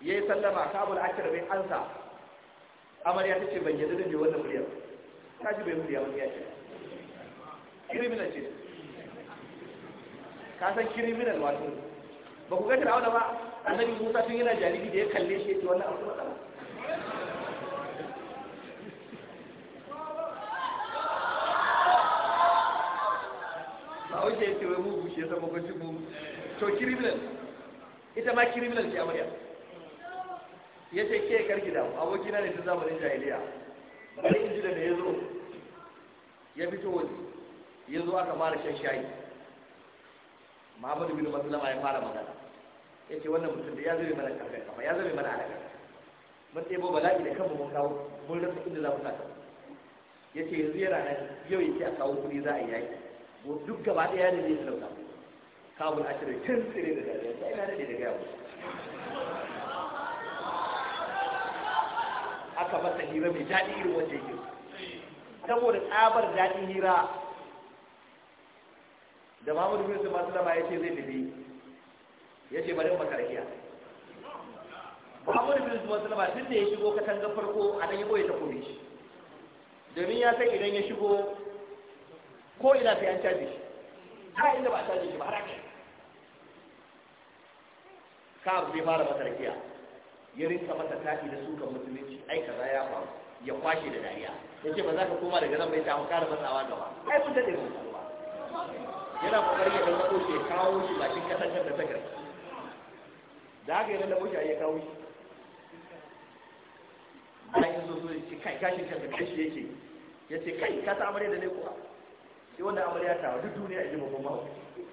ya yi sallama kabul ake rabin ansa amarya ta ce ban yadda da ne wannan muryar ta ji bai murya wani ya ce kiriminal ce ka san kiriminal wato ba ku ga fir'auna ba annabi musa tun yana jariri da ya kalle shi ya ce wannan abu matsala ba wuce ya ce wai bushe sama kwanci mu to kiriminal ita ma kiriminal ce amarya ya ce ke karki da abokina ne ta zamanin jahiliya bari in ji da ya zo ya fito waje ya zo aka mara shan shayi muhammadu bin maslama ya fara magana ya ce wannan mutum da ya zobe mana karfin kafa ya zobe mana alaƙa mun ɗebo bala'i da kanmu mun kawo mun rasa inda za mu sa ya ce yanzu yana nan yau ya a kawo kuɗi za a yi yaƙi duk gaba ɗaya ne zai talauta kabul ashirin tun tsire da dariya ta ina da ne da gaya aka masa hira mai daɗi irin wanda yake saboda tsabar daɗin hira da Muhammadu bin masu sallama ya ce zai tafi ya ce bari makarkiya Muhammadu bin masu sallama tun da ya shigo katanga farko a nan ya ta kome shi domin ya san idan ya shigo ko ina sai an caje shi har inda ba a caje shi ba har aka ka abu zai fara makarkiya ya rinka masa tafi da sukan musulunci ai kaza ya faru ya kwashe da dariya ya ce ba za ka koma daga nan bai ta kara matsawa gaba ai mun daɗe mun kuma yana kokarin ya lallabo shi ya kawo shi bakin katangar da sakar da haka da lallabo shi ya kawo shi bayan zo zo ya ce kai gashin kan da shi yake ya ce kai ka ta amarya da ne kuwa sai wanda amarya ta duk duniya ya ji babban mahaukaci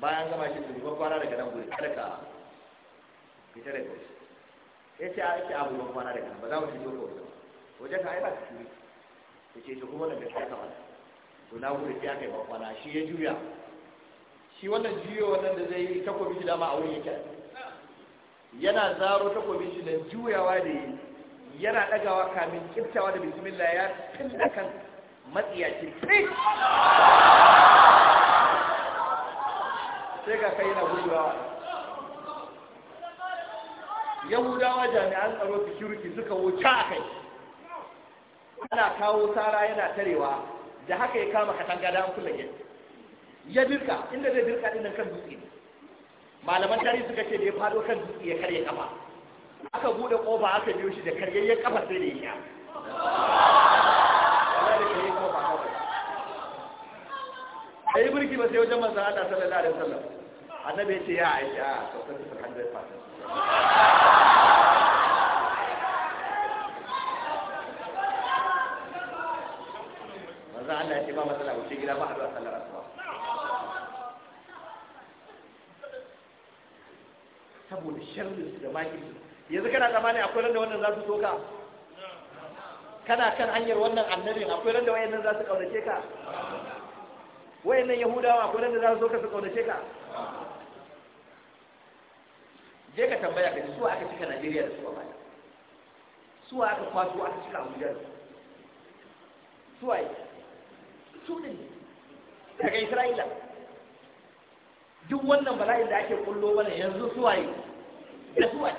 bayan gama shi tuni kwana daga nan guri kada ka fita daga waje Sai ce ake abu ban kwana daga nan ba za mu shigo ko waje ka aika shi shuri ce shi kuma daga ka ba. to na guri ya kai yi ban kwana shi ya juya shi wannan juyo wannan da zai yi takobin shi dama a wuri yake yana zaro takobi shi nan juyawa da yi yana dagawa kamin kiftawa da bismillah ya tilla kan matsiyaci sai ga kai na gudawa yahudawa jami'an tsaro security suka wuce a kai ana kawo tsara yana tarewa da haka ya kama katanga da kula gini. ya dirka inda zai dirka dinnan kan dutse malaman tari suka ce da ya fado kan dutse ya karye kafa aka bude kofa aka biyo shi da karyayyen kafa sai da ya yi birki ba sai wajen manzan Allah sallallahu alaihi wasallam annabi ce ya aiki a sautar da zai fata wanzan Allah ya ce ba matsala wuce gida ba a zuwa sallar asuwa saboda sharrin su da makin yanzu kana tsammani akwai randa wannan za su soka kana kan hanyar wannan annabin akwai randa wayannan za su kaunace ka wayannan yahudawa akwai randa za su soka su kaunace ka je ka tambaya ka su aka cika Najeriya da su a baya su aka kwaso aka cika Abuja da su ai su din daga Isra'ila duk wannan bala'in da ake kullo mana yanzu su ai da su ai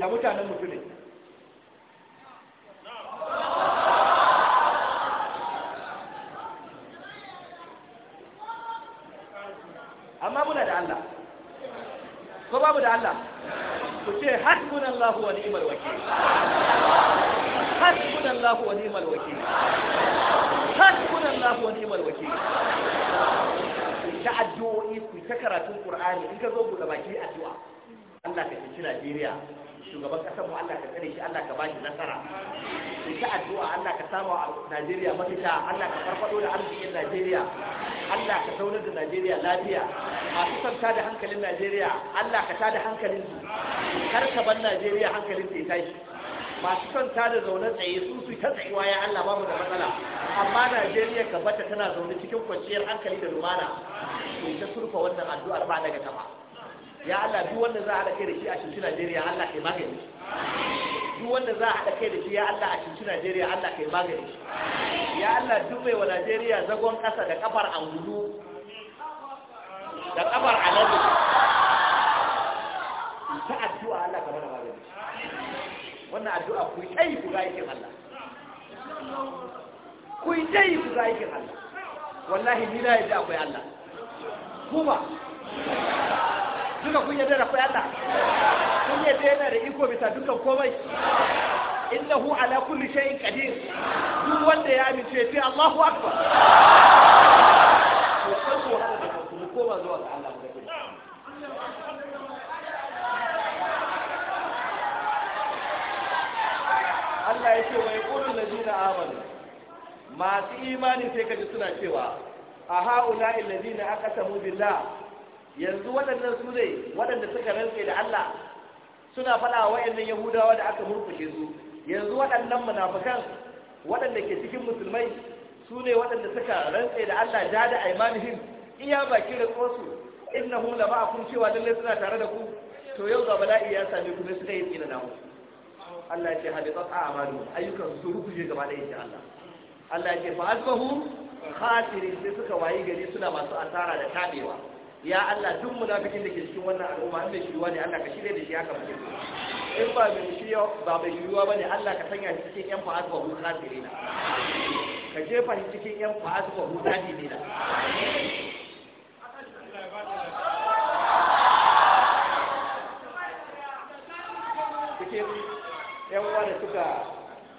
da mutanen mutumin amma muna da Allah ko babu da Allah ku ce hasbunallahu wa ni'mal wakil hasbunallahu wa ni'mal wakil hasbunallahu wa ni'mal wakil ta addu'o'i ku ta karatun Qur'ani in ka zo buɗe baki addu'a Allah ka ci Najeriya shugaban kasar mu Allah ka tsare shi Allah ka bashi nasara in ta addu'a Allah ka samu Najeriya mafita Allah ka farfado da arzikin Najeriya Allah ka zaunar da Najeriya lafiya masu santa da hankalin Najeriya Allah ka tada hankalin su kar ka bar Najeriya hankalin ta tashi masu santa da zaune tsaye su su ta tsayuwa ya Allah babu da matsala amma Najeriya ka bata tana zaune cikin kwanciyar hankali da lumana to ta surfa wannan addu'ar ba daga gaba ya Allah duk wanda za a haɗa kai da shi a cinci Najeriya Allah kai magani duk wanda za a haɗa kai da shi ya Allah a cinci Najeriya Allah kai magani ya Allah duk mai wa Najeriya zagon ƙasa da kafar angulu da kafar alabi ta addu'a Allah ka mana magani wannan addu'a ku yi tayi ku ga aikin Allah ku yi tayi ku ga aikin Allah wallahi ni na yadda akwai Allah kuma duka kun yadda da kai Allah kun yadda yana da iko bisa dukan komai innahu ala kulli shay'in qadir duk wanda ya amince sai Allahu akbar to sai ku hada da ku koma zuwa ga Allah ku Allah ya ce wa na allazina amanu masu imani sai kaji suna cewa a ha'ula'i ƙasa mu billah yanzu waɗannan su ne waɗanda suka rantse da Allah suna faɗa wa waɗannan Yahudawa da aka murkushe su yanzu waɗannan munafikan waɗanda ke cikin musulmai su ne waɗanda suka rantse da Allah ja da aimanihim iya baki rantsuwarsu innahum la ma'akum cewa lalle suna tare da ku to yau ga bala'i ya same ku ne suka yi tsina na mu Allah ya ce habitat a'malu ayyukan su rukuje gaba da insha Allah Allah ya ce fa asbahu khasirin sai suka wayi gari suna masu asara da tabewa ya Allah duk munafikin da ke cikin wannan al'umma an bai shiruwa ne Allah ka shirye da shi haka muke in ba mai shiruwa ba mai ba bane Allah ka sanya shi cikin yan fa'ad wa amin ka jefa shi cikin yan fa'ad wa amin cikin yan uwa suka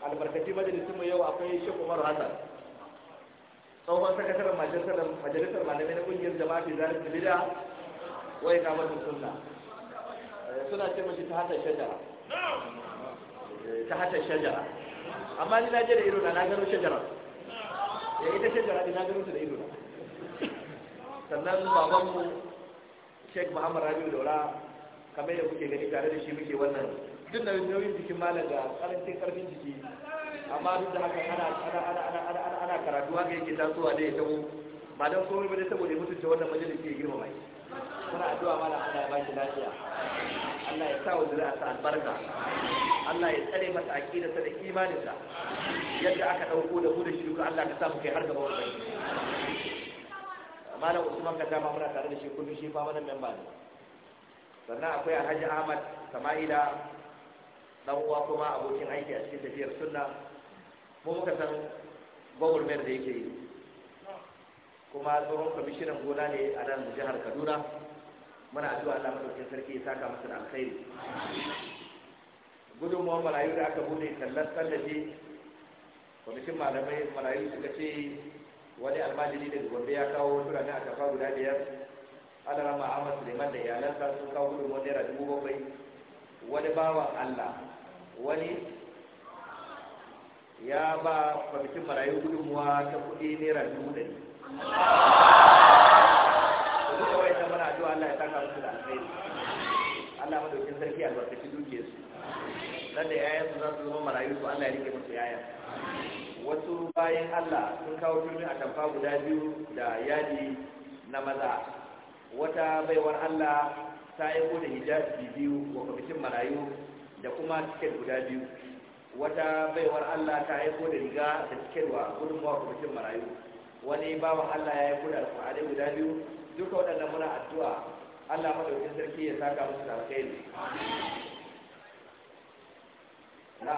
albarkaci majalisun mu yau akwai Sheikh Umar Hassan tsohon sakatar majalisar malamai na kungiyar jama'a fi zarar da bida wai ka mata suna eh, suna ce mashi ta hata shajara eh, ta hata shajara amma ni na je da ido na gano shajara ya eh, ita shajara ni na gano su da ido sannan babanmu sheik muhammad rabiu daura kamar da kuke gani tare da shi muke wannan duk nauyin jikin malam da karancin karfin jiki amma duk da haka ana ana ana ana ana karatu haka yake tasowa da ya tabo ba don komai ba dai saboda ya mutunta wannan majalisi ya girma mai muna addu'a da Allah ya baki lafiya Allah ya sa wa ta albarka Allah ya tsare masa ta da imaninsa yadda aka dauko da mu da shi duka Allah ka sa mu kai har gaba wannan malam Usman ka ma muna tare da shi kullu shi fa wannan member ne sannan akwai Alhaji Ahmad Sama'ila dan uwa kuma abokin aiki a cikin tafiyar sunna mu muka san gwagwarmayar da yake yi kuma tsohon kwamishinan gona ne a nan jihar kaduna muna zuwa Allah madaukakin sarki ya saka masa da alkhairi gudunmuwar marayu da aka bude tallar tallafi kwamishin malamai marayu suka ce wani almajiri daga gombe ya kawo turane a kafa guda biyar adara ma'amar suleiman da iyalansa sun kawo gudunmuwar naira dubu bakwai wani bawan allah wani ya ba kwamitin marayu gudunmuwa ta kuɗi naira dubu ɗari duk da ta mana addu'a Allah ya saka musu da alheri Allah madaukin sarki albarkaci duke su Zan da yayan su za su zama marayu su Allah ya rike musu yayan wasu bayan Allah sun kawo a tamfa guda biyu da yadi na maza wata baiwar Allah ta yi da hijabi biyu wa kwamitin marayu da kuma tiket guda biyu wata baiwar Allah ta haifo da riga da cikinwa gudun ba kwamitin marayu wani bawan Allah ya haifo da alfa'adai guda biyu duka waɗannan muna addu'a Allah maɗaukin sarki ya saka musu da alkhairi na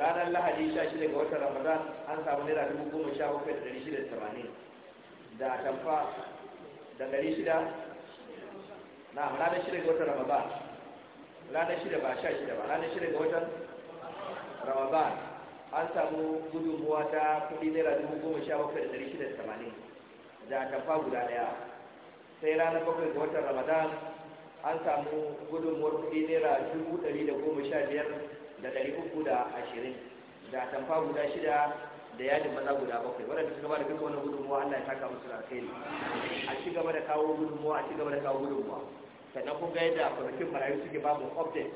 ranar lahadi sha shida ga watan ramadan an samu naira dubu goma sha bakwai da ɗari shida da tamanin da atamfa da ɗari shida na ranar shi ga watan ramadan ranar shida ba sha shida ba ranar shida ga watan ramadan an samu gudunmuwa ta kudi naira dubu goma sha bakwai da ɗari shida da tamanin da tamfa guda ɗaya sai ranar bakwai ga watan ramadan an samu gudunmuwar kudi naira dubu ɗari da goma sha biyar da ɗari uku da ashirin da tamfa guda shida da yadin maza guda bakwai waɗanda suka bada duka wannan gudunmuwa Allah ya taka musu alkhairi a ci gaba da kawo gudunmuwa a ci gaba da kawo gudunmuwa sannan kun ga yadda kwanakin marayu suke babu mu update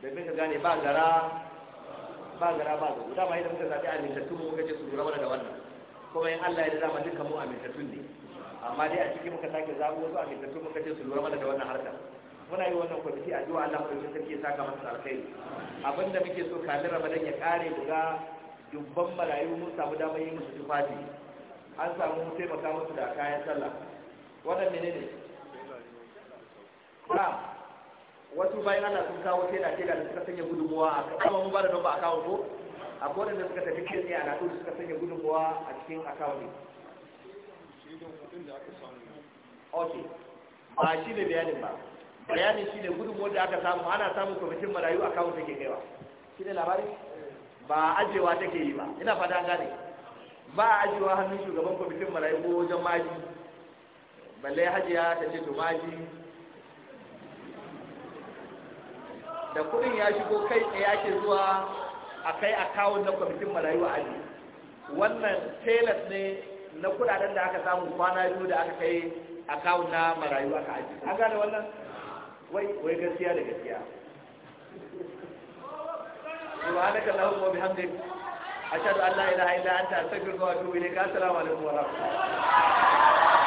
domin ka gane ba gara ba gara ba gara dama yadda muka zaɓi amintattun mu muka ce su lura mana da wannan kuma in Allah ya dama duka mu amintattun ne amma dai a cikin muka sake zaɓo wasu amintattun muka ce su lura mana da wannan harkar muna yi wannan kwamiti a zuwa Allah kwamiti sarki ya saka masa alkhairi abinda muke so kamar ramadan ya kare guda dubban marayu mun samu damar yi musu tufafi an samu taimaka musu da kayan sallah wannan menene ba wasu bayan Allah sun kawo tela tela da suka sanya gudunmuwa a kama mun ba da ba a kawo ko a kodin da suka tafi kai a nadu suka sanya gudunmuwa a cikin ne. ok ba shi ne bayanin ba bayanin shi ne gudunmuwa da aka samu ana samun kwamitin marayu a kawo take kaiwa shi ne labari ba ajewa take yi ba ina fata gane ba a ajewa hannun shugaban kwamitin marayu ko wajen maji balle hajiya ta ce to maji da kuɗin ya shigo kai tsaye yake zuwa a kai a kawun na kwamitin marayu a aji wannan telas ne na kuɗaɗen da aka samu kwana biyu da aka kai a kawun na marayu aka aji an gane wannan wai wai gaskiya da gaskiya سبحانك اللهم وبحمدك an أن لا إله إلا أنت أستغفرك وأتوب إليك السلام عليكم wa الله